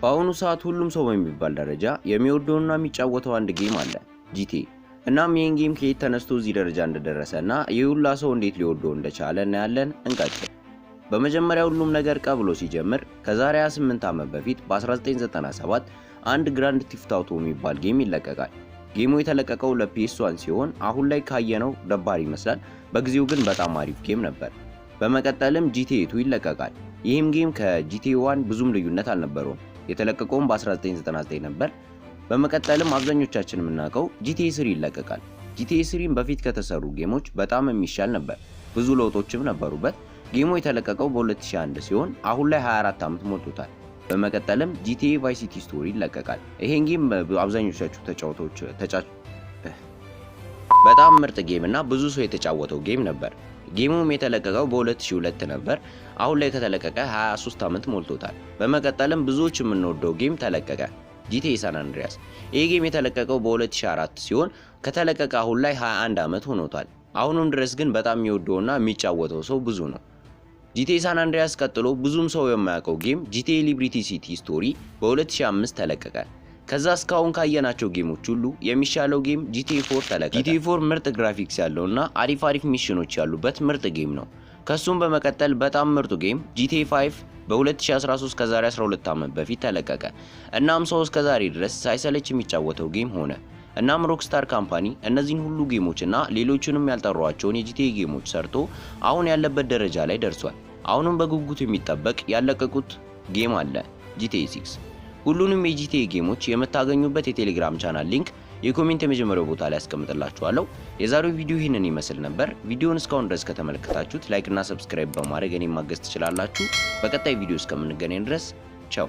በአሁኑ ሰዓት ሁሉም ሰው በሚባል ደረጃ የሚወደውና የሚጫወተው አንድ ጌም አለ ጂቴ። እናም ይህን ጌም ከየት ተነስቶ እዚህ ደረጃ እንደደረሰ እና የሁላ ሰው እንዴት ሊወደው እንደቻለ እናያለን። እንቀጥል። በመጀመሪያ ሁሉም ነገር ቀ ብሎ ሲጀምር ከዛሬ 28 ዓመት በፊት በ1997 አንድ ግራንድ ቲፍት አውቶ የሚባል ጌም ይለቀቃል። ጌሙ የተለቀቀው ለፒኤስ1 ሲሆን አሁን ላይ ካየነው ደባሪ ይመስላል፣ በጊዜው ግን በጣም አሪፍ ጌም ነበር። በመቀጠልም ጂቲኤ 2 ይለቀቃል። ይህም ጌም ከጂቲኤ 1 ብዙም ልዩነት አልነበረውም። የተለቀቀውም በ1999 ነበር። በመቀጠልም አብዛኞቻችን የምናውቀው ጂቲኤ ስሪ ይለቀቃል። ጂቲኤ ስሪም በፊት ከተሰሩ ጌሞች በጣም የሚሻል ነበር። ብዙ ለውጦችም ነበሩበት። ጌሙ የተለቀቀው በ2001 ሲሆን አሁን ላይ 24 ዓመት ሞልቶታል። በመቀጠልም ጂቲኤ ቫይ ሲቲ ስቶሪ ይለቀቃል። ይሄን ጌም አብዛኞቻችሁ ተጫዋቾች ተጫ በጣም ምርጥ ጌም እና ብዙ ሰው የተጫወተው ጌም ነበር። ጌሙም የተለቀቀው በ2002 ነበር። አሁን ላይ ከተለቀቀ 23 ዓመት ሞልቶታል። በመቀጠልም ብዙዎች የምንወደው ጌም ተለቀቀ፣ ጂቲኤ ሳን አንድሪያስ። ይህ ጌም የተለቀቀው በ2004 ሲሆን ከተለቀቀ አሁን ላይ 21 ዓመት ሆኖታል። አሁንም ድረስ ግን በጣም የሚወደውና የሚጫወተው ሰው ብዙ ነው። ጂቲኤ ሳን አንድሪያስ ቀጥሎ ብዙም ሰው የማያውቀው ጌም ጂቲኤ ሊብሪቲ ሲቲ ስቶሪ በ2005 ተለቀቀ። ከዛ እስካሁን ካየናቸው ጌሞች ሁሉ የሚሻለው ጌም ጂቲኤ 4 ተለቀቀ። ጂቲኤ 4 ምርጥ ግራፊክስ ያለውና አሪፍ አሪፍ ሚሽኖች ያሉበት ምርጥ ጌም ነው። ከሱም በመቀጠል በጣም ምርጡ ጌም ጂቲኤ 5 በ2013 ከዛሬ 12 ዓመት በፊት ተለቀቀ። እናም ሰው እስከ ዛሬ ድረስ ሳይሰለች የሚጫወተው ጌም ሆነ። እናም ሮክስታር ካምፓኒ እነዚህን ሁሉ ጌሞችና ሌሎችንም ያልጠሯቸውን የጂቲኤ ጌሞች ሰርቶ አሁን ያለበት ደረጃ ላይ ደርሷል። አሁንም በጉጉት የሚጠበቅ ያለቀቁት ጌም አለ ጂቲኤ 6 ሁሉንም የጂቲኤ ጌሞች የምታገኙበት የቴሌግራም ቻናል ሊንክ የኮሜንት የመጀመሪያው ቦታ ላይ አስቀምጥላችኋለሁ። የዛሬው ቪዲዮ ይህንን ይመስል ነበር። ቪዲዮውን እስካሁን ድረስ ከተመለከታችሁት ላይክ እና ሰብስክራይብ በማድረግ እኔ ማገዝ ትችላላችሁ። በቀጣይ ቪዲዮ እስከምንገናኝ ድረስ ቻው።